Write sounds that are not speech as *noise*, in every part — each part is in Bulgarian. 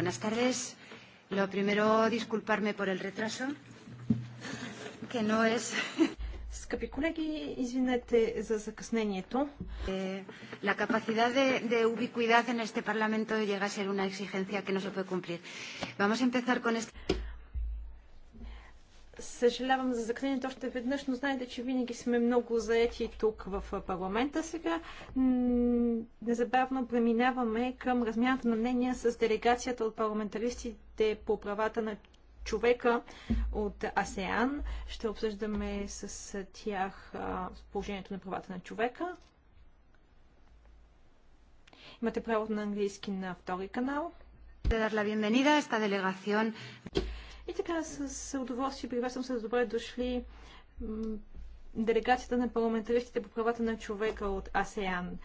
Buenas tardes. Lo primero, disculparme por el retraso, que no es... Скъпи колеги, извинете за закъснението. La capacidad de, de ubicuidad en este Parlamento llega a ser una exigencia que no se puede cumplir. Vamos a empezar con este... Съжалявам за закриването още веднъж, но знаете, че винаги сме много заети тук в парламента. Сега незабавно преминаваме към размяната на мнения с делегацията от парламентаристите по правата на човека от АСЕАН. Ще обсъждаме с тях положението на правата на човека. Имате право на английски на втори канал. Да дар la a esta и така с удоволствие приветствам се добре дошли делегацията на парламентаристите по правата на човека от АСЕАН.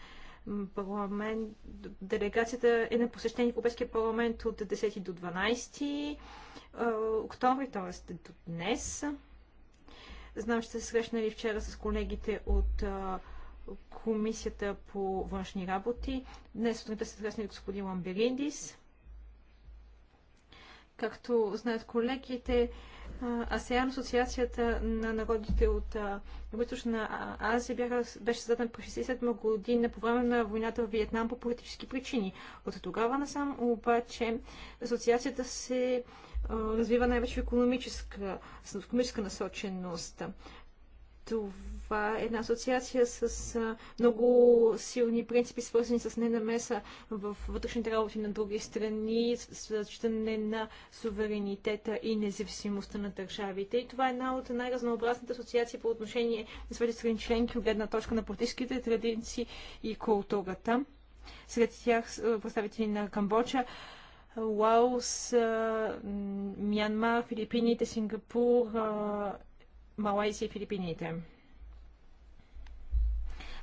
Парламент, делегацията е на посещение в Европейския парламент от 10 до 12 октомври, т.е. до днес. Знам, че се срещнали вчера с колегите от Комисията по външни работи. Днес сутринта се срещнали господин Ламберидис. Както знаят колегите, АСЕАН, Асоциацията на народите от Източна Азия бяха, беше създадена през 67 година по време на войната в Виетнам по политически причини. От тогава насам обаче асоциацията се развива най-вече в економическа, в економическа насоченост. Това е една асоциация с много силни принципи, свързани с ненамеса в вътрешните работи на други страни, с зачитане на суверенитета и независимостта на държавите. И това е една от най-разнообразните асоциации по отношение на своите страни членки от гледна точка на политическите традиции и културата. Сред тях представители на Камбоджа, Лаос, Мянмар, Филипините, Сингапур, Малайзия и Филипините.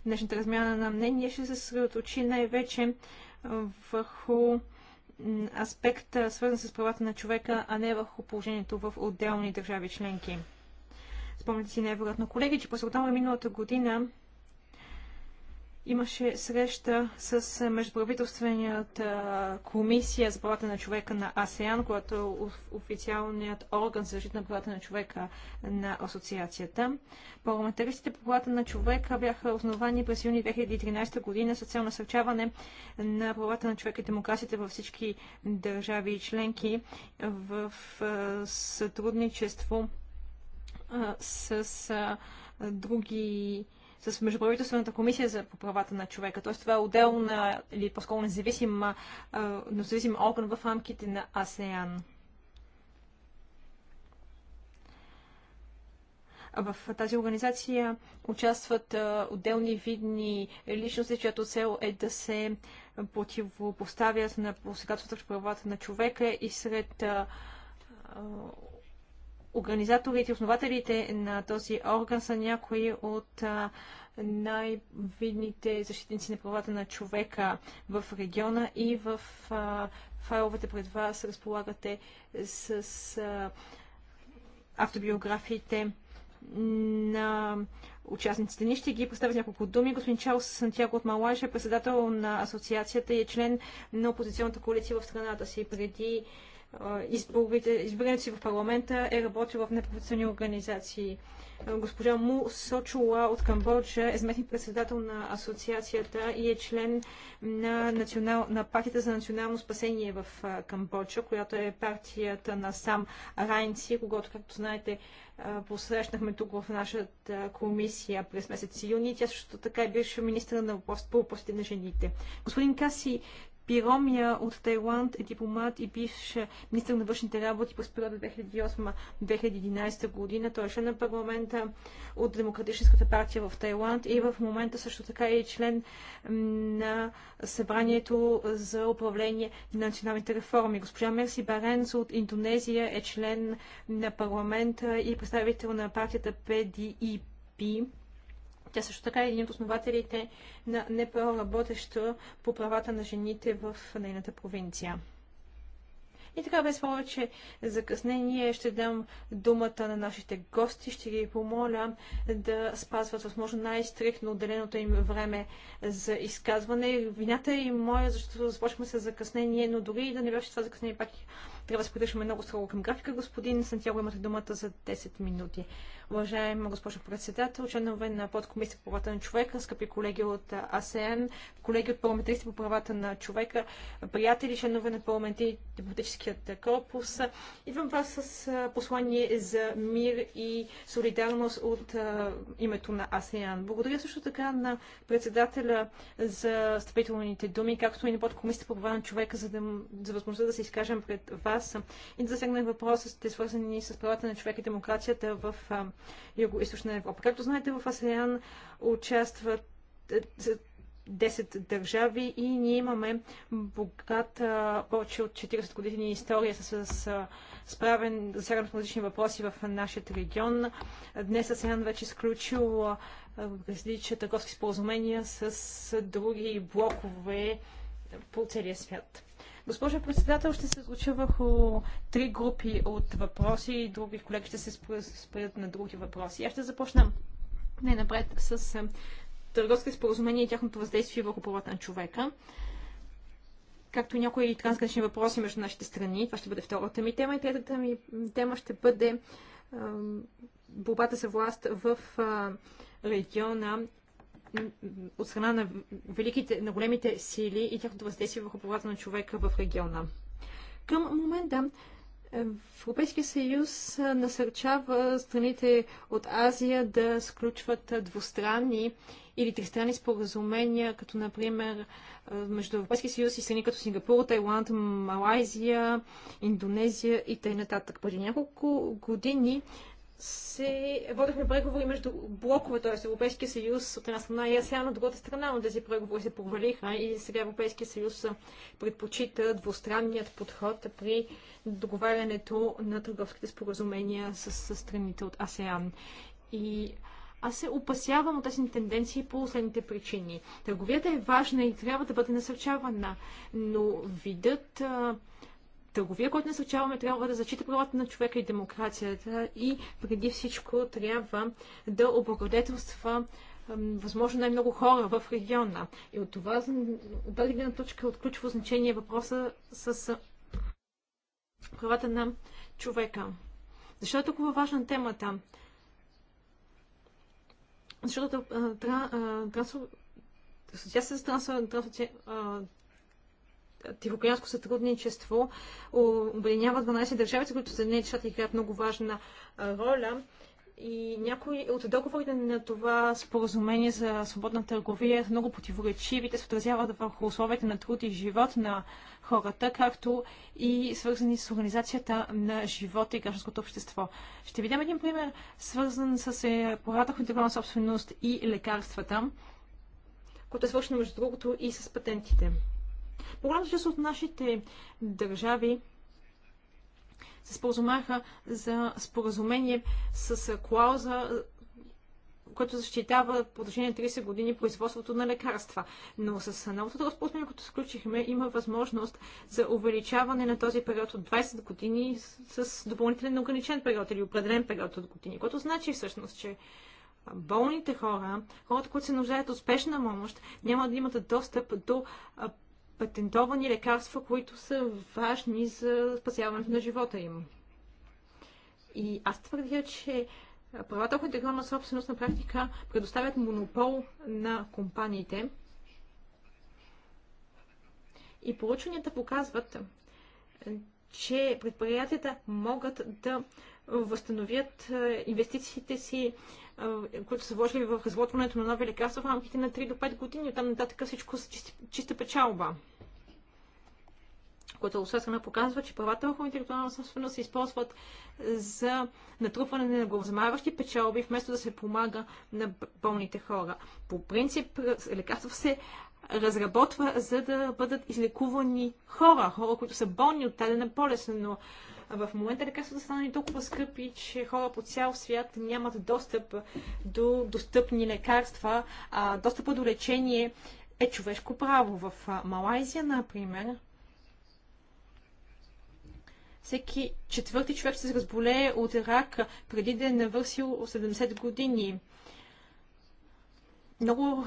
Днешната размяна на мнение ще се съсредоточи най-вече върху аспекта, свързан с правата на човека, а не върху положението в отделни държави членки. Спомняте си невероятно, колеги, че през октомври миналата година имаше среща с Междуправителственият комисия за правата на човека на АСЕАН, която е официалният орган за защита на правата на човека на асоциацията. Парламентаристите по правата на човека бяха основани през юни 2013 година с цел насърчаване на правата на човека и демокрацията във всички държави и членки в сътрудничество с други с Междуправителствената комисия за по правата на човека. Тоест това е отделна или по-скоро независим, независим орган в рамките на АСЕАН. В тази организация участват отделни видни личности, чиято цел е да се противопоставят на посегателствата в правата на човека и сред Организаторите и основателите на този орган са някои от най-видните защитници на правата на човека в региона и в файловете пред вас разполагате с автобиографиите на участниците ни. Ще ги представя няколко думи. Господин Чарлз Сантьяго от Малайша е председател на асоциацията и е член на опозиционната коалиция в страната си. Преди изборите, избирането си в парламента е работил в неправителствени организации. Госпожа Му Сочула от Камбоджа е заместник председател на асоциацията и е член на, национал, на партията за национално спасение в Камбоджа, която е партията на сам Райнци, когато, както знаете, посрещнахме тук в нашата комисия през месец юни. Тя също така е бивша министра на въпросите на жените. Господин Каси Пиромия от Тайланд е дипломат и бивш министър на външните работи през периода 2008-2011 година. Той е член на парламента от Демократическата партия в Тайланд и в момента също така е член на събранието за управление на националните реформи. Госпожа Мерси Баренц от Индонезия е член на парламента и представител на партията ПДИП. Тя също така е един от основателите на НПО, работеща по правата на жените в нейната провинция. И така, без повече закъснение, ще дам думата на нашите гости. Ще ги помоля да спазват възможно най стрихно отделеното им време за изказване. Вината е и моя, защото започваме с закъснение, но дори и да не беше това закъснение, пак трябва да се придържаме много строго към графика. Господин Сантьяго, имате думата за 10 минути. Уважаема госпожо председател, членове на подкомисия по правата на човека, скъпи колеги от АСН, колеги от парламентаристи по правата на човека, приятели, членове на парламенти депутатическият корпус. Идвам вас с послание за мир и солидарност от името на АСЕАН. Благодаря също така на председателя за стъпителните думи, както и на подкомисията по права на човека, за, да, за възможността да се изкажем пред вас вас и да засегнах въпросите, свързани с правата на човека и демокрацията в Юго-Источна Европа. Както знаете, в АСЕАН участват 10 е, държави и ние имаме богата повече от 40 години история с, с справен засягане на различни въпроси в нашия регион. Днес АСЕАН вече изключил е различни търговски споразумения с други блокове по целия свят. Госпожа председател, ще се случа върху три групи от въпроси и други колеги ще се спрят на други въпроси. Аз ще започна най-напред с е, търговски споразумения и тяхното въздействие върху правата на човека както и някои трансгранични въпроси между нашите страни. Това ще бъде втората ми тема. И третата ми тема ще бъде е, борбата за власт в е, региона от страна на, великите, на големите сили и тяхното въздействие върху правата на човека в региона. Към момента е, Европейския съюз е, насърчава страните от Азия да сключват е, двустранни или тристранни споразумения, като например между Европейския съюз и страни като Сингапур, Тайланд, Малайзия, Индонезия и т.н. Преди няколко години се водехме преговори между блокове, т.е. Европейския съюз от една страна и АСЕАН от другата страна, но тези преговори се провалиха и сега Европейския съюз предпочита двустранният подход при договарянето на търговските споразумения с, с страните от АСЕАН. И аз се опасявам от тези тенденции по следните причини. Търговията е важна и трябва да бъде насърчавана, но видът търговия, който насърчаваме, трябва да зачита правата на човека и демокрацията и преди всичко трябва да облагодетелства възможно най-много хора в региона. И от това, от тази гледна точка, от ключово значение е въпроса с правата на човека. Защо е толкова важна темата? Защото трансо... Асоциацията за тихоокеанско сътрудничество обединява 12 държави, които за нея чата играят много важна роля. И някои от договорите на това споразумение за свободна търговия са много противоречиви. Те се отразяват върху условията на труд и живот на хората, както и свързани с организацията на живота и гражданското общество. Ще ви дам един пример, свързан с е, на на собственост и лекарствата, което е свършено между другото и с патентите. По-голямата част от нашите държави се споразумяха за споразумение с клауза, което защитава по продължение на 30 години производството на лекарства. Но с новото разпознание, което сключихме, има възможност за увеличаване на този период от 20 години с допълнителен ограничен период или определен период от години, което значи всъщност, че болните хора, хората, които се нуждаят от успешна помощ, няма да имат достъп до патентовани лекарства, които са важни за спасяването на живота им. И аз твърдя, че правата върху интегрална собственост на практика предоставят монопол на компаниите. И поручванията показват, че предприятията могат да възстановят е, инвестициите си, е, които са вложили в разработването на нови лекарства в рамките на 3 до 5 години. Оттам нататък всичко са чиста, чиста печалба което освен показва, че правата върху интелектуална собственост се използват за натрупване на главозамаващи печалби, вместо да се помага на болните хора. По принцип, е, лекарства се разработва, за да бъдат излекувани хора, хора, които са болни от тази болест, но в момента лекарствата са станали толкова скъпи, че хора по цял свят нямат достъп до достъпни лекарства, а достъпа до лечение е човешко право. В Малайзия, например, всеки четвърти човек ще се разболее от рак преди да е навърсил 70 години много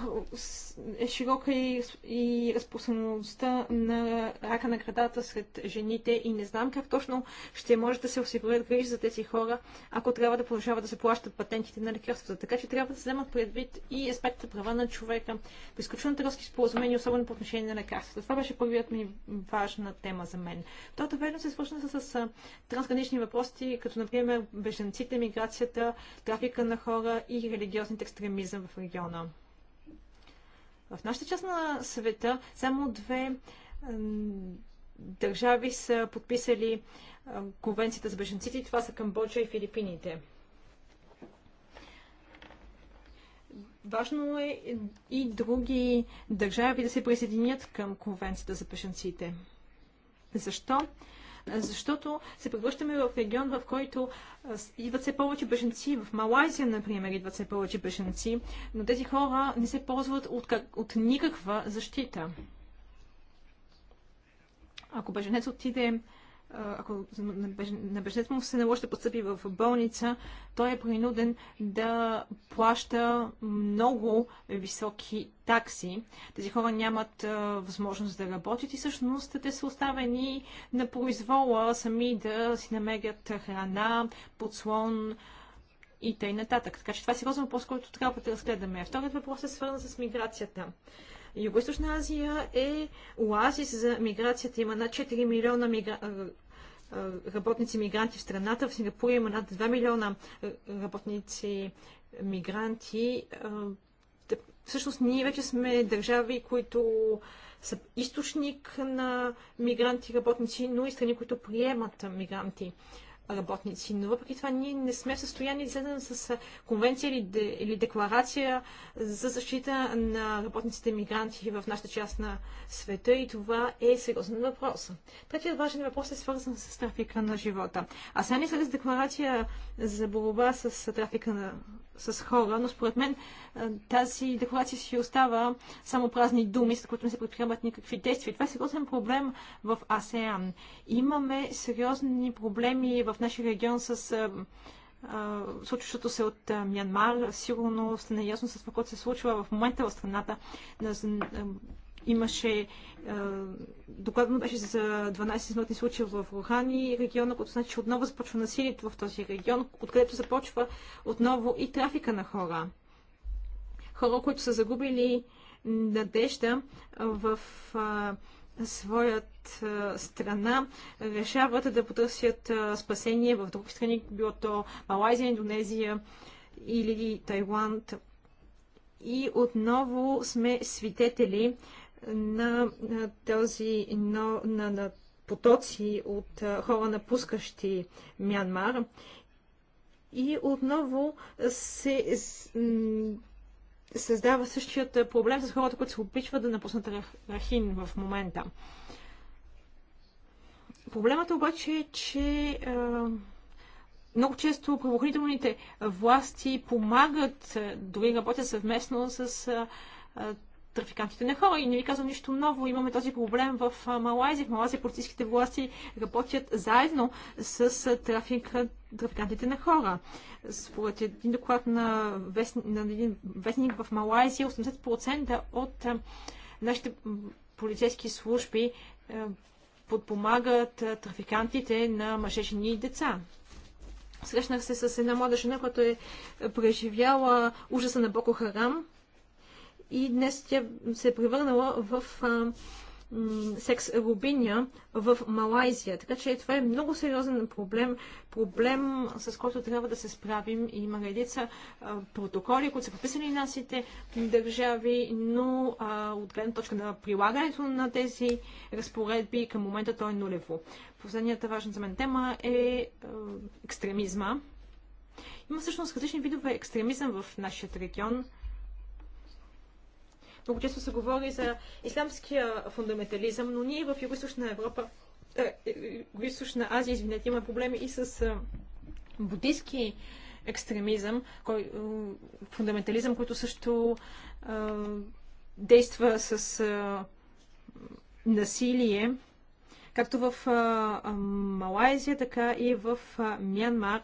е широка и, и разпространеността на рака на градата сред жените и не знам как точно ще може да се осигурят грижи за тези хора, ако трябва да продължават да се плащат патентите на лекарствата. Така че трябва да се вземат предвид и аспекта права на човека при изключително търговски споразумения, особено по отношение на лекарствата. Това беше първият ми важна тема за мен. Тото верно се свършна с, с трансгранични въпроси, като например беженците, миграцията, трафика на хора и религиозният екстремизъм в региона. В нашата част на света само две държави са подписали конвенцията за беженците и това са Камбоджа и Филипините. Важно е и други държави да се присъединят към конвенцията за беженците. Защо? защото се превръщаме в регион, в който идват все повече беженци. В Малайзия, например, идват все повече беженци, но тези хора не се ползват от, как... от никаква защита. Ако беженец отиде ако на бежнец му се наложи да постъпи в болница, той е принуден да плаща много високи такси. Тези хора нямат възможност да работят и всъщност те са оставени на произвола сами да си намерят храна, подслон, и т.н. нататък. Така че това е сериозен въпрос, който трябва да разгледаме. Вторият въпрос е свързан с миграцията. Юго-Источна Азия е оазис за миграцията. Има над 4 милиона мигра... работници мигранти в страната. В Сингапур има над 2 милиона работници мигранти. Всъщност ние вече сме държави, които са източник на мигранти, работници, но и страни, които приемат мигранти работници. Но въпреки това ние не сме в състояние да излезем с конвенция или, де, или декларация за защита на работниците мигранти в нашата част на света и това е сериозен въпрос. Третият важен въпрос е свързан с трафика на живота. А сега не след с декларация за борба с трафика на с хора, но според мен е, тази декларация си остава само празни думи, с които не се предприемат никакви действия. Това е сериозен проблем в АСЕАН. Имаме сериозни проблеми в нашия регион с е, е, случващото се от Мянмар. Сигурно сте наясно с това, което се случва в момента в страната. Имаше е, докладно беше за 12 смъртни случая в Рухани, региона, което значи, че отново започва насилието в този регион, откъдето започва отново и трафика на хора. Хора, които са загубили надежда в а, своят а, страна, решават да потърсят а, спасение в други страни, било то Малайзия, Индонезия или Тайланд. И отново сме свидетели на този но, на, на потоци от хора напускащи Мянмар. И отново се създава същият проблем с хората, които се опитват да напуснат Рахин в момента. Проблемът обаче е, че много често правоохранителните власти помагат, дори работят съвместно с трафикантите на хора. И не ви казвам нищо ново. Имаме този проблем в Малайзия. В Малайзия полицейските власти работят заедно с трафика, трафикантите на хора. Според един доклад на, вест... на един вестник в Малайзия, 80% от нашите полицейски служби подпомагат трафикантите на мъже, жени и деца. Срещнах се с една млада жена, която е преживяла ужаса на Боко Харам и днес тя се е превърнала в а, секс рубиня в Малайзия. Така че това е много сериозен проблем, проблем с който трябва да се справим. Има редица а, протоколи, които са подписани нашите държави, но а, от гледна точка на прилагането на тези разпоредби към момента той е нулево. Последната важна за мен тема е а, екстремизма. Има всъщност различни видове екстремизъм в нашия регион – много често се говори за исламския фундаментализъм, но ние в Юго-Источна Европа, в е, е, источна Азия, извинете, имаме проблеми и с е, буддийски екстремизъм, кой, фундаментализъм, който също действа с насилие, както в Малайзия, така и в Мянмар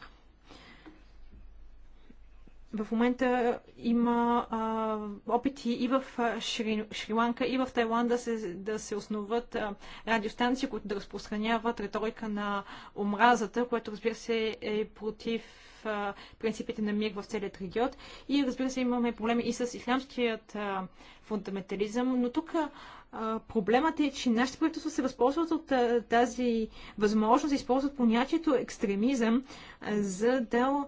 в момента има а, опити и в Шри, Шри-Ланка, и в Тайланд да се, да се основат а, радиостанции, които да разпространяват риторика на омразата, което разбира се е против а, принципите на мир в целият регион. И разбира се имаме проблеми и с ислямският а, фундаментализъм, но тук а, проблемът е, че нашите правителства се възползват от а, тази възможност, използват понятието екстремизъм, а, за да а,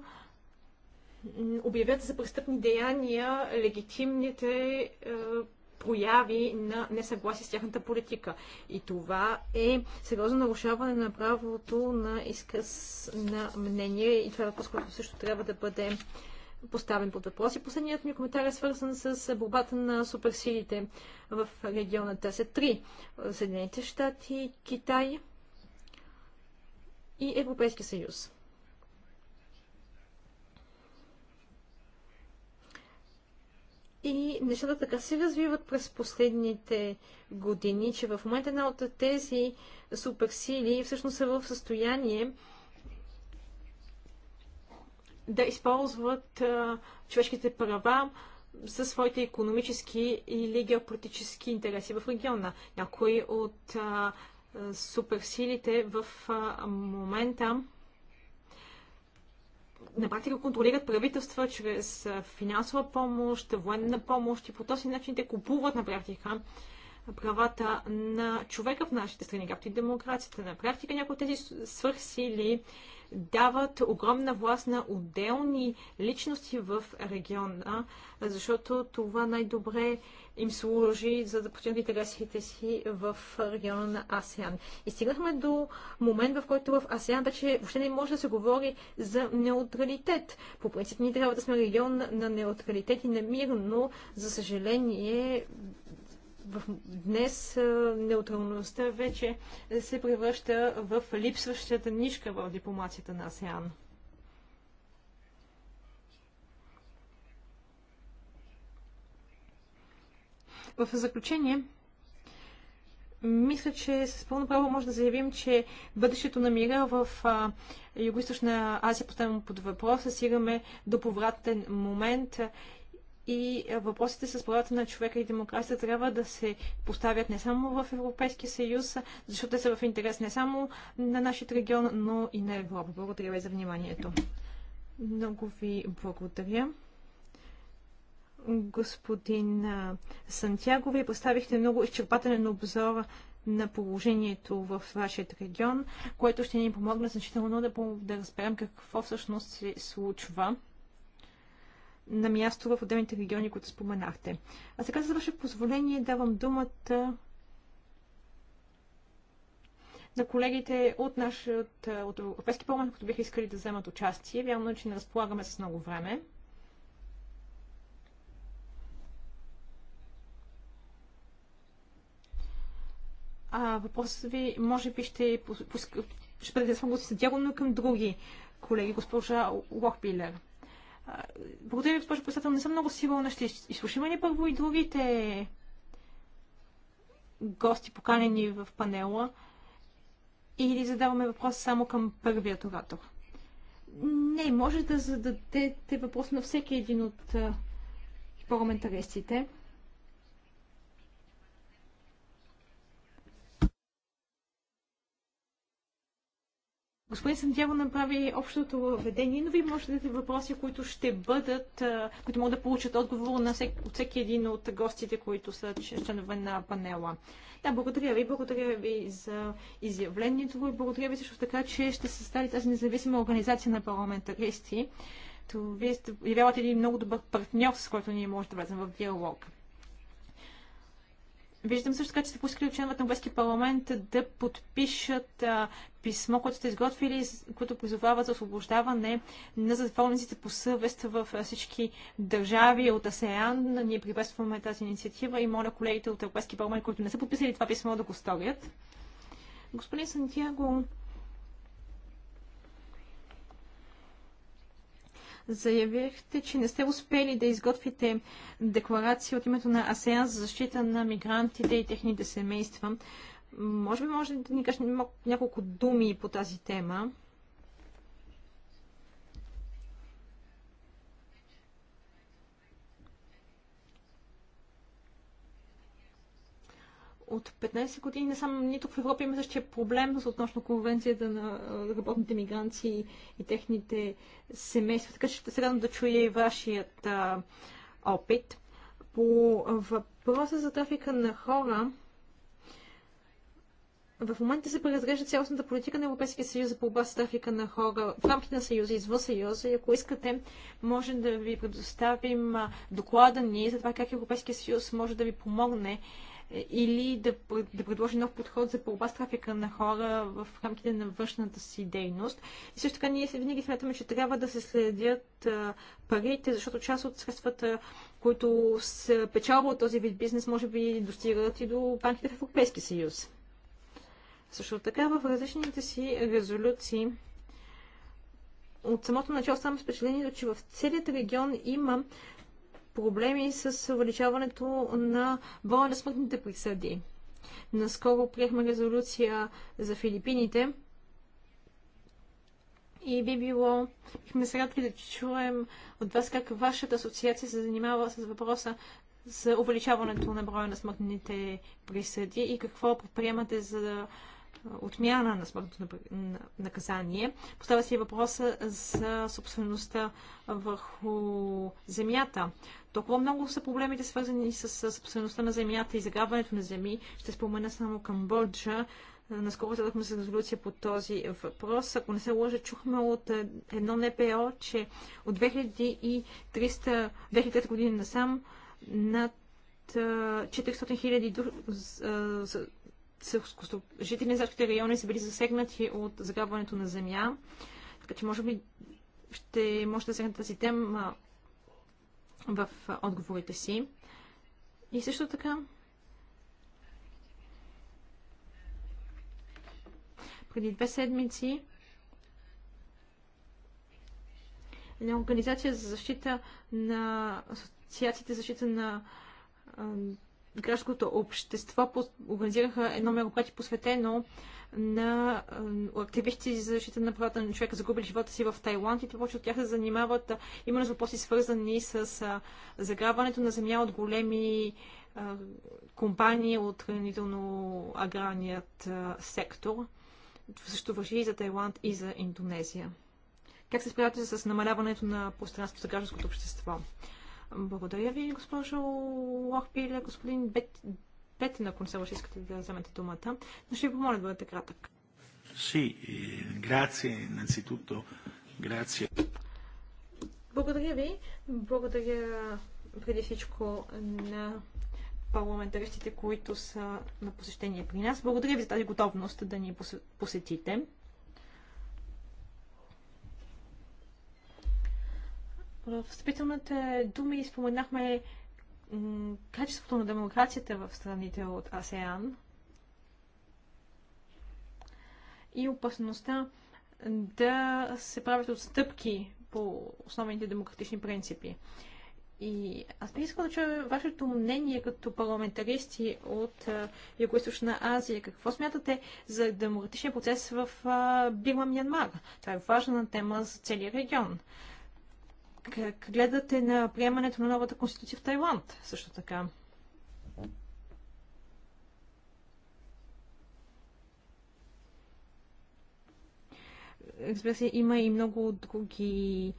обявят за престъпни деяния легитимните е, прояви на несъгласие с тяхната политика. И това е сериозно нарушаване на правото на изказ на мнение и това е въпрос, който също трябва да бъде поставен под въпрос. И последният ми коментар е свързан с борбата на суперсилите в региона ТС-3. Съединените щати, Китай и Европейския съюз. И нещата така се развиват през последните години, че в момента една от тези суперсили всъщност са в състояние да използват а, човешките права със своите економически или геополитически интереси в региона. Някои от а, суперсилите в а, момента на практика контролират правителства чрез финансова помощ, военна помощ и по този начин те купуват на практика правата на човека в нашите страни, както и демокрацията. На практика някои от тези свърхсили дават огромна власт на отделни личности в региона, защото това най-добре им служи за да постигнат интересите си в региона на АСЕАН. И стигнахме до момент, в който в АСЕАН вече въобще не може да се говори за неутралитет. По принцип ние трябва да сме регион на неутралитет и на мир, но за съжаление в, днес неутралността вече се превръща в липсващата нишка в дипломацията на АСЕАН. В заключение, мисля, че с пълно право може да заявим, че бъдещето на мира в Юго-Источна Азия поставяме под въпрос, стигаме до повратен момент и въпросите с правата на човека и демокрацията трябва да се поставят не само в Европейския съюз, защото те са в интерес не само на нашия регион, но и на Европа. Благодаря ви за вниманието. Много ви благодаря. Господин Сантьяго, ви поставихте много изчерпателен обзор на положението в вашия регион, което ще ни помогне значително да, да разберем какво всъщност се случва на място в отделните региони, които споменахте. А сега, за ваше позволение, давам думата на колегите от нашия от Европейски парламент, които биха искали да вземат участие. Вярно е, че не разполагаме с много време. А, въпросът ви, може би, ще, ще предадесвам го с към други колеги, госпожа Лохбилер. Благодаря ви, госпожо председател. Не съм много сигурна. Ще изслушаме ли първо и другите гости, поканени в панела? Или задаваме въпрос само към първият оратор? Не, може да зададете въпрос на всеки един от парламентаристите. Господин Сантьяго направи общото ведение, но вие можете да дадете въпроси, които ще бъдат, които могат да получат отговор на всек, от всеки един от гостите, които са членове на панела. Да, благодаря ви. Благодаря ви за изявлението ви. Благодаря ви също така, че ще състави тази независима организация на парламентаристи. То вие сте явявате един много добър партньор, с който ние можем да влезем в диалог. Виждам също така, че сте поискали от членовете на Европейския парламент да подпишат а, писмо, което сте изготвили, което призовава за освобождаване на затворниците по съвест в всички държави от АСЕАН. Ние приветстваме тази инициатива и моля колегите от Европейския парламент, които не са подписали това писмо, да го сторят. Господин Сантьяго, заявихте, че не сте успели да изготвите декларация от името на АСЕАН за защита на мигрантите и техните семейства. Може би може да ни кажете няколко думи по тази тема. от 15 години не само нито в Европа има същия проблем с относно конвенцията на работните мигранти и техните семейства. Така че ще се радвам да чуя и вашият а, опит. По въпроса за трафика на хора, в момента се преразглежда цялостната политика на Европейския съюз за борба с трафика на хора в рамките на съюза, извън съюза. И ако искате, можем да ви предоставим доклада ни за това как Европейския съюз може да ви помогне или да, да предложи нов подход за борба с трафика на хора в рамките на външната си дейност. И също така ние винаги смятаме, че трябва да се следят парите, защото част от средствата, които се печалва от този вид бизнес, може би достигат и до банките в Европейски съюз. Също така в различните си резолюции от самото начало ставам впечатлението, че в целият регион има проблеми с увеличаването на броя на смъртните присъди. Наскоро приехме резолюция за Филипините и би било, бихме се радвали да чуем от вас как вашата асоциация се занимава с въпроса за увеличаването на броя на смъртните присъди и какво предприемате за да отмяна на смъртното наказание. Поставя се и въпроса за собствеността върху земята. Толкова много са проблемите свързани с собствеността на земята и заграбването на земи. Ще спомена само Камбоджа. Наскоро задахме се резолюция по този въпрос. Ако не се лъжа, чухме от е, едно НПО, че от 2300, 2003 година насам над 400 е, хиляди е, жители на селските райони са били засегнати от заграбването на земя. Така че може би ще може да засегнете тази тема в отговорите си. И също така, преди две седмици една организация за защита на асоциациите за защита на гражданското общество организираха едно мероприятие посветено на активисти за защита на правата на човека, загубили живота си в Тайланд и повече от тях се занимават именно с въпроси свързани с заграбването на земя от големи компании от хранително-аграрният сектор. Това също въжи и за Тайланд и за Индонезия. Как се справяте с намаляването на пространството за гражданското общество? Благодаря ви, госпожо Лохпиле. Господин Бет, Бетен, ако не се върши, искате да вземете думата, но ще ви помоля да бъдете кратък. Си, грация, институто, грация. Благодаря ви. Благодаря преди всичко на парламентаристите, които са на посещение при нас. Благодаря ви за тази готовност да ни посетите. В встъпителната думи споменахме качеството на демокрацията в страните от АСЕАН и опасността да се правят отстъпки по основните демократични принципи. И аз би искам да чуя вашето мнение като парламентаристи от Юго-Источна Азия. Какво смятате за демократичния процес в Бирма, Мьянмар? Това е важна тема за целия регион. Как гледате на приемането на новата конституция в Тайланд също така? Разбира се, има и много други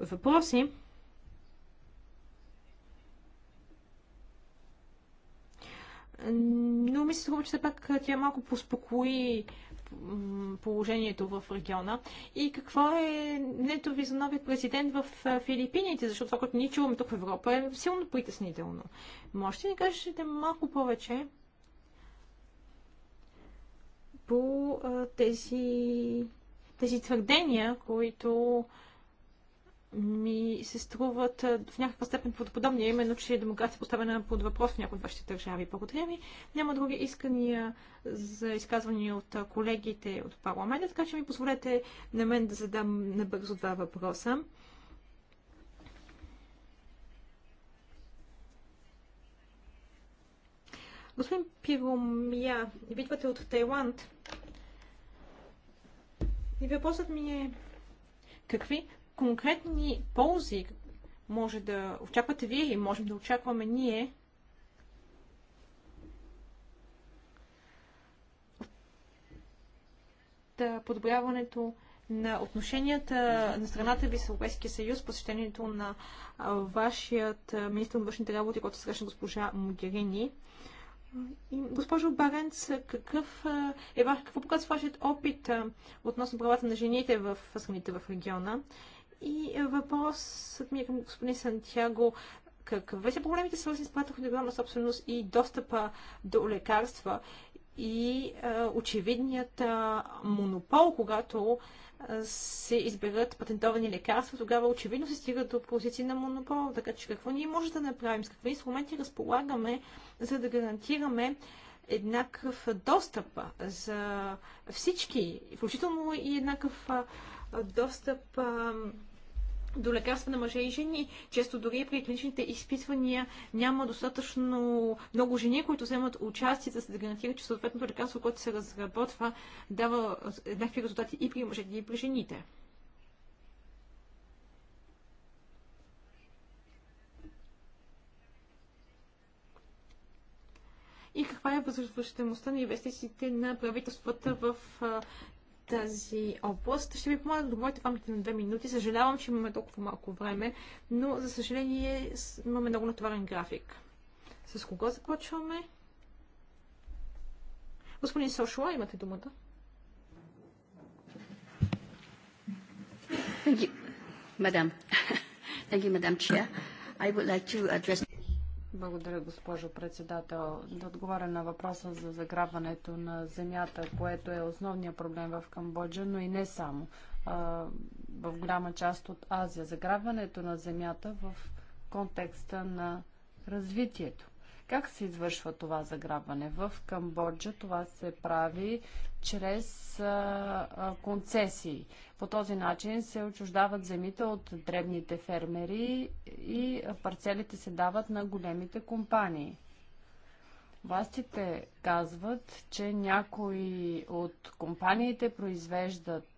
въпроси. Но мисля, че все пак тя малко поспокои положението в региона и какво е нето ви за новият президент в Филипините, защото това, което ние чуваме тук в Европа е силно притеснително. Можете ли да кажете малко повече по тези, тези твърдения, които ми се струват в някаква степен подобни, именно, че демокрация е поставена под въпрос в някои от вашите държави. Благодаря ви. Няма други искания за изказвания от колегите от парламента, така че ми позволете на мен да задам набързо два въпроса. Господин Пиромия, видвате от Тайланд. И въпросът ми е какви конкретни ползи може да очаквате вие и можем да очакваме ние от подобряването на отношенията на страната ви с Европейския съюз, посещението на вашият министр на външните работи, който срещна госпожа Могерини. Госпожо Баренц, какъв е, какво показва вашият опит относно правата на жените в страните в региона? И е, въпросът ми е към господин Сантьяго. Какви са проблемите свързани с плата индивидуална собственост и достъпа до лекарства и а, е, очевидният а, е, монопол, когато а, се изберат патентовани лекарства, тогава очевидно се стига до позиции на монопол. Така че какво ние можем да направим, с какви инструменти разполагаме, за да гарантираме еднакъв достъп за всички, включително и еднакъв достъп до лекарства на мъже и жени. Често дори при клиничните изпитвания няма достатъчно много жени, които вземат участие, за да се гарантира, че съответното лекарство, което се разработва, дава еднакви резултати и при мъжете, и при жените. и каква е възвръщаемостта на инвестициите на правителствата в тази област. Ще ви помоля да говорите в рамките на две минути. Съжалявам, че имаме толкова малко време, но за съжаление имаме много натоварен график. С кого започваме? Господин Сошуа, имате думата. Thank мадам Madam. *laughs* Thank you, Madam Chair. I would like to address... Благодаря, госпожо председател. Да отговоря на въпроса за заграбването на земята, което е основният проблем в Камбоджа, но и не само. в голяма част от Азия. Заграбването на земята в контекста на развитието. Как се извършва това заграбване? В Камбоджа това се прави чрез а, а, концесии. По този начин се очуждават земите от дребните фермери и парцелите се дават на големите компании. Властите казват, че някои от компаниите произвеждат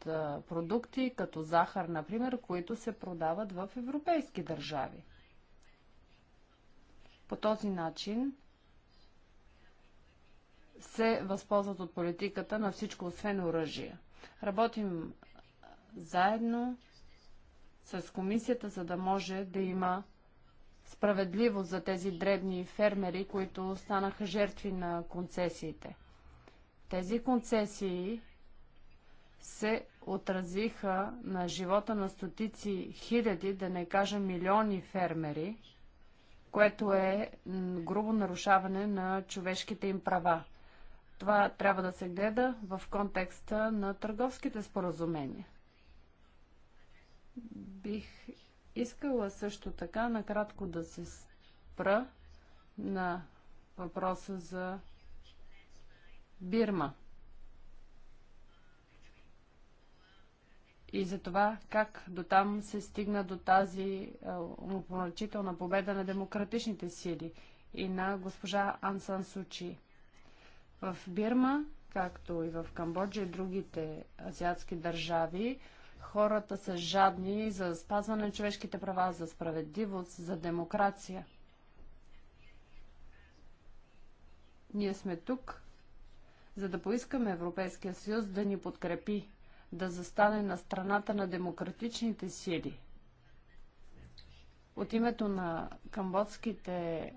продукти, като захар, например, които се продават в европейски държави. По този начин се възползват от политиката на всичко, освен оръжие. Работим заедно с комисията, за да може да има справедливост за тези дребни фермери, които станаха жертви на концесиите. Тези концесии се отразиха на живота на стотици хиляди, да не кажа милиони фермери – което е грубо нарушаване на човешките им права. Това трябва да се гледа в контекста на търговските споразумения. Бих искала също така накратко да се спра на въпроса за Бирма. и за това как до там се стигна до тази е, умопомрачителна победа на демократичните сили и на госпожа Ансан Сучи. В Бирма, както и в Камбоджа и другите азиатски държави, хората са жадни за спазване на човешките права, за справедливост, за демокрация. Ние сме тук, за да поискаме Европейския съюз да ни подкрепи да застане на страната на демократичните сили. От името на камбодските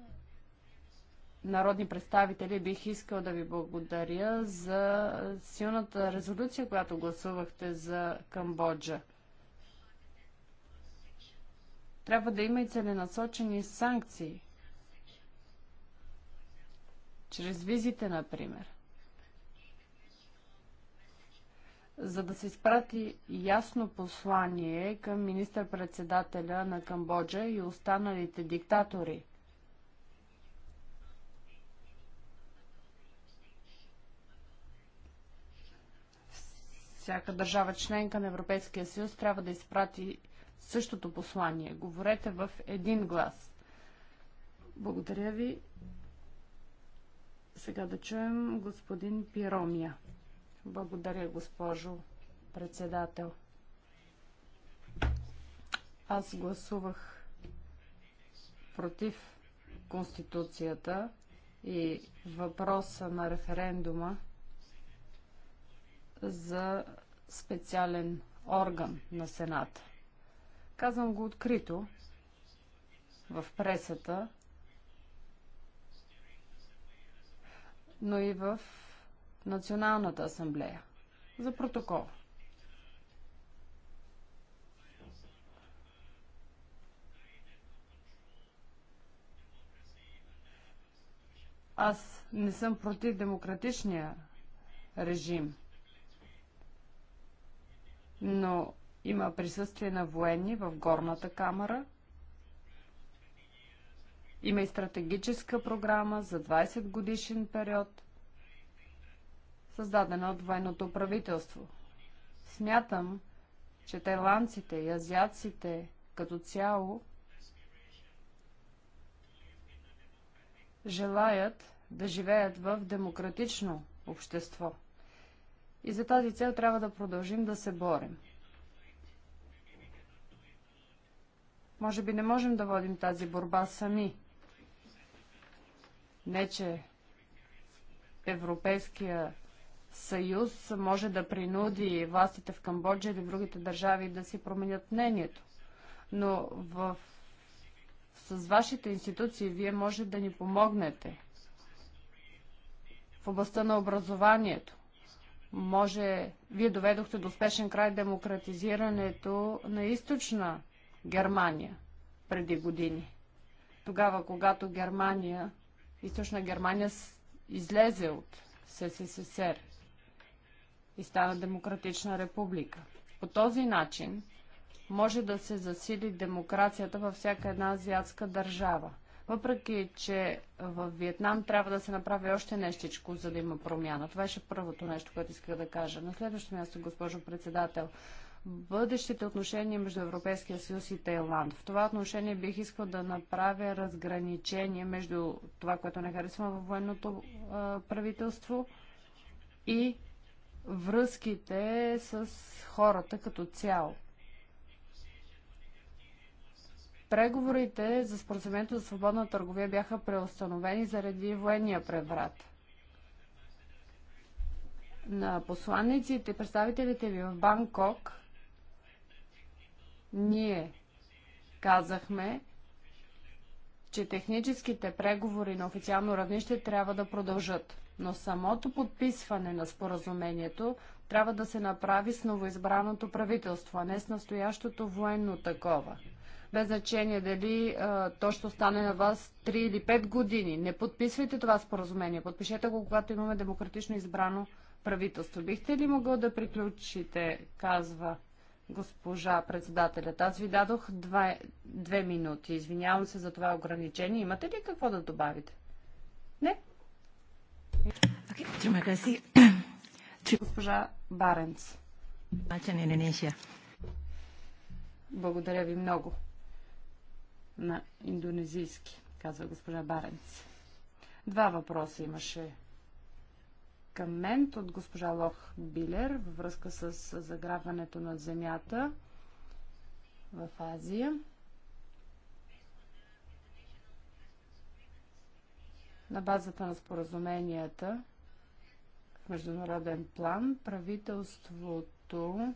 народни представители бих искал да ви благодаря за силната резолюция, която гласувахте за Камбоджа. Трябва да има и целенасочени санкции. Чрез визите, например. за да се изпрати ясно послание към министър-председателя на Камбоджа и останалите диктатори. Всяка държава членка на Европейския съюз трябва да изпрати същото послание. Говорете в един глас. Благодаря ви. Сега да чуем господин Пиромия. Благодаря, госпожо председател. Аз гласувах против Конституцията и въпроса на референдума за специален орган на Сената. Казвам го открито в пресата, но и в Националната асамблея за протокол. Аз не съм против демократичния режим, но има присъствие на военни в горната камера. Има и стратегическа програма за 20 годишен период – създадена от военното правителство. Смятам, че тайландците и азиатците като цяло желаят да живеят в демократично общество. И за тази цел трябва да продължим да се борим. Може би не можем да водим тази борба сами. Не, че Европейския съюз може да принуди властите в Камбоджа или в другите държави да си променят мнението. Но в... с вашите институции вие може да ни помогнете в областта на образованието. Може, вие доведохте до успешен край демократизирането на източна Германия преди години. Тогава, когато Германия, източна Германия излезе от СССР и стана демократична република. По този начин може да се засили демокрацията във всяка една азиатска държава. Въпреки, че в Виетнам трябва да се направи още нещичко, за да има промяна. Това беше първото нещо, което исках да кажа. На следващо място, госпожо председател, бъдещите отношения между Европейския съюз и Тайланд. В това отношение бих искал да направя разграничение между това, което не харесвам във военното а, правителство и връзките с хората като цяло. Преговорите за споразумението за свободна търговия бяха преустановени заради военния преврат. На посланниците, представителите ви в Банкок, ние казахме, че техническите преговори на официално равнище трябва да продължат но самото подписване на споразумението трябва да се направи с новоизбраното правителство, а не с настоящото военно такова. Без значение дали а, е, то ще остане на вас 3 или 5 години. Не подписвайте това споразумение. Подпишете го, когато имаме демократично избрано правителство. Бихте ли могъл да приключите, казва госпожа председателят. Аз ви дадох две, две минути. Извинявам се за това ограничение. Имате ли какво да добавите? Не? Okay. Госпожа Баренц. Благодаря ви много. На индонезийски, казва госпожа Баренц. Два въпроса имаше към мен от госпожа Лох Билер във връзка с заграбването на земята в Азия. На базата на споразуменията в международен план правителството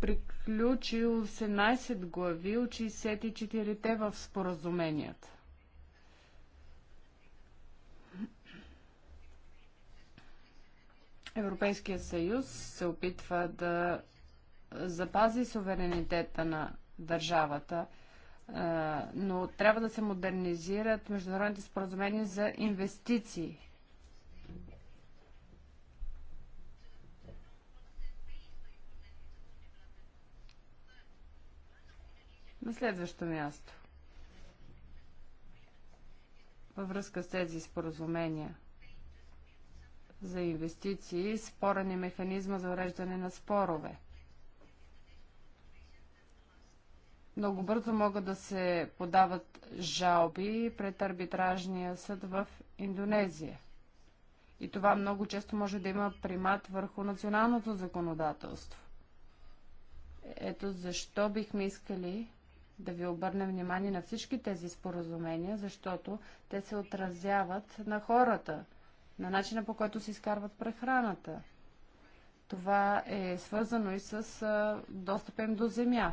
приключи 18 глави от 64-те в споразуменията. Европейският съюз се опитва да запази суверенитета на държавата, е, но трябва да се модернизират международните споразумения за инвестиции. На следващо място. Във връзка с тези споразумения – за инвестиции, спорен е механизма за уреждане на спорове. Много бързо могат да се подават жалби пред арбитражния съд в Индонезия. И това много често може да има примат върху националното законодателство. Ето защо бихме искали да ви обърнем внимание на всички тези споразумения, защото те се отразяват на хората – на начина по който се изкарват прехраната. Това е свързано и с достъпа им до земя.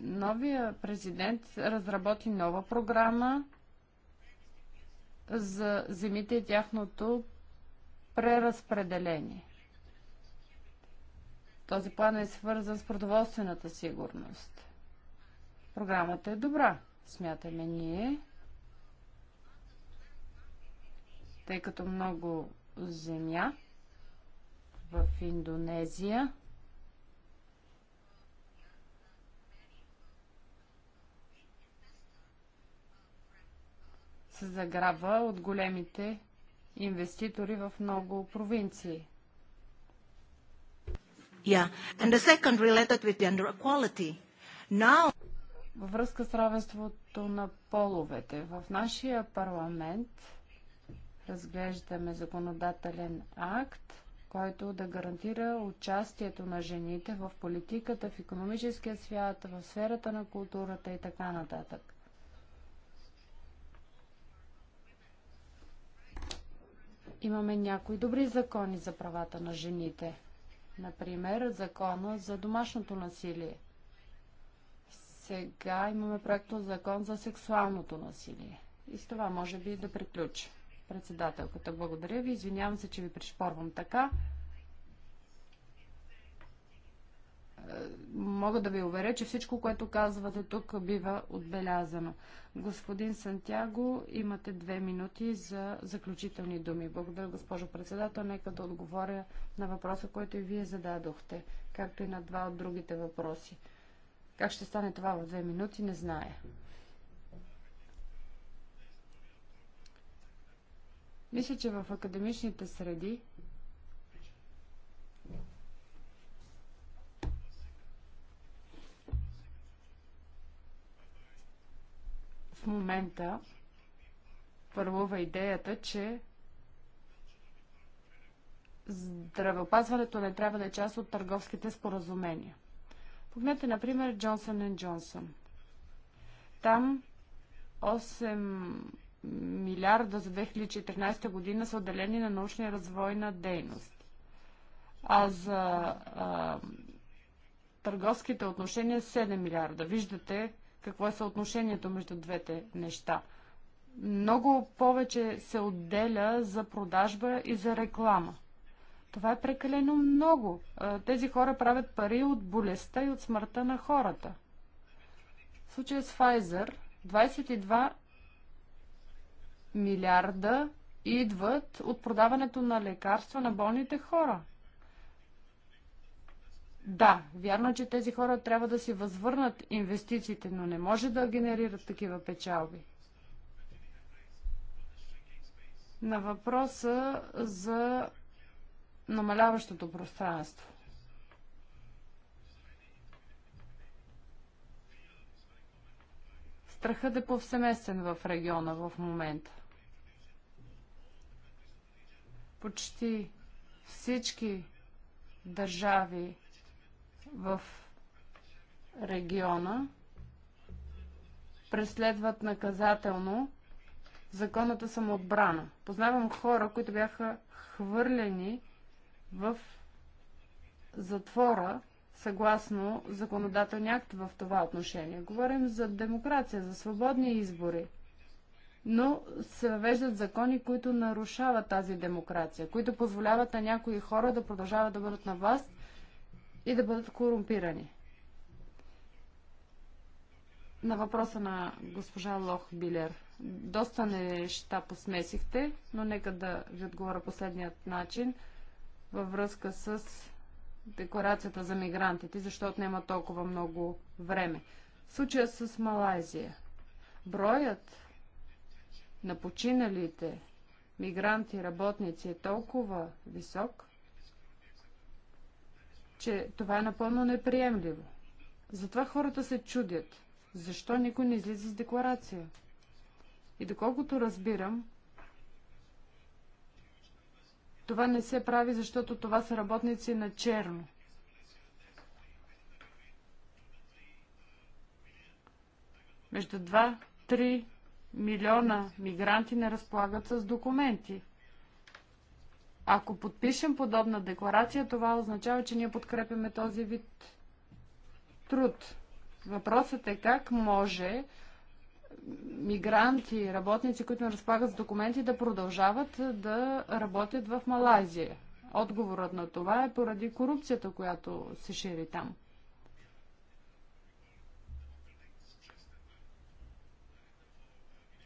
Новия президент разработи нова програма за земите и тяхното преразпределение. Този план е свързан с продоволствената сигурност. Програмата е добра, смятаме ние. тъй като много земя в Индонезия се заграбва от големите инвеститори в много провинции. Yeah. And the second related with gender equality. Now... Във връзка с равенството на половете, в нашия парламент разглеждаме законодателен акт, който да гарантира участието на жените в политиката, в економическия свят, в сферата на културата и така нататък. Имаме някои добри закони за правата на жените. Например, закона за домашното насилие. Сега имаме проекто закон за сексуалното насилие. И с това може би да приключи. Председателката, благодаря ви. Извинявам се, че ви пришпорвам така. мога да ви уверя, че всичко, което казвате тук, бива отбелязано. Господин Сантяго, имате две минути за заключителни думи. Благодаря, госпожо председател. Нека да отговоря на въпроса, който и вие зададохте, както и на два от другите въпроси. Как ще стане това в две минути, не зная. Мисля, че в академичните среди в момента първува идеята, че здравеопазването не трябва да е част от търговските споразумения. Погнете, например, Джонсън Джонсън. Там 8 милиарда за 2014 година са отделени на научна и развойна дейност. А за а, търговските отношения 7 милиарда. Виждате какво е съотношението между двете неща. Много повече се отделя за продажба и за реклама. Това е прекалено много. Тези хора правят пари от болестта и от смъртта на хората. В случая с Pfizer 22 милиарда идват от продаването на лекарства на болните хора. Да, вярно е, че тези хора трябва да си възвърнат инвестициите, но не може да генерират такива печалби. На въпроса за намаляващото пространство. Страхът е повсеместен в региона в момента. Почти всички държави в региона преследват наказателно законната самоотбрана. Познавам хора, които бяха хвърлени в затвора съгласно законодателния акт в това отношение. Говорим за демокрация, за свободни избори – но се въвеждат закони, които нарушават тази демокрация, които позволяват на някои хора да продължават да бъдат на власт и да бъдат корумпирани. На въпроса на госпожа Лох Билер. Доста неща посмесихте, но нека да ви отговоря последният начин във връзка с декларацията за мигрантите, защото няма толкова много време. В случая с Малайзия. Броят на починалите мигранти, работници е толкова висок, че това е напълно неприемливо. Затова хората се чудят, защо никой не излиза с декларация. И доколкото разбирам, това не се прави, защото това са работници на черно. Между два, три милиона мигранти не разполагат с документи. Ако подпишем подобна декларация, това означава, че ние подкрепяме този вид труд. Въпросът е как може мигранти, работници, които не разполагат с документи, да продължават да работят в Малайзия. Отговорът на това е поради корупцията, която се шири там.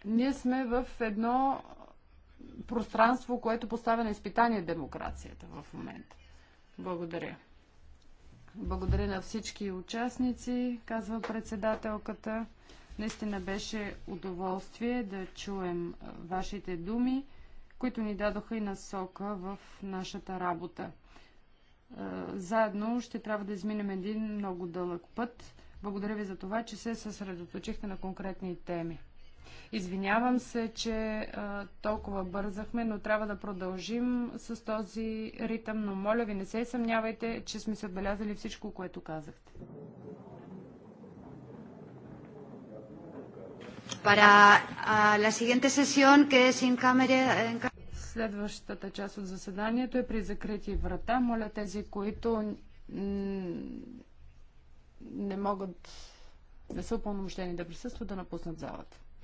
Ние сме в едно пространство, което поставя на изпитание демокрацията в момента. Благодаря. Благодаря на всички участници, казва председателката. Наистина беше удоволствие да чуем вашите думи, които ни дадоха и насока в нашата работа. Заедно ще трябва да изминем един много дълъг път. Благодаря ви за това, че се съсредоточихте на конкретни теми. Извинявам се, че а, толкова бързахме, но трябва да продължим с този ритъм, но моля ви, не се съмнявайте, че сме се отбелязали всичко, което казахте. Para uh, la siguiente sesión, que es in camera, en... Следващата част от заседанието е при закрити врата. Моля тези, които не могат, не са упълномощени да присъстват, да напуснат залата.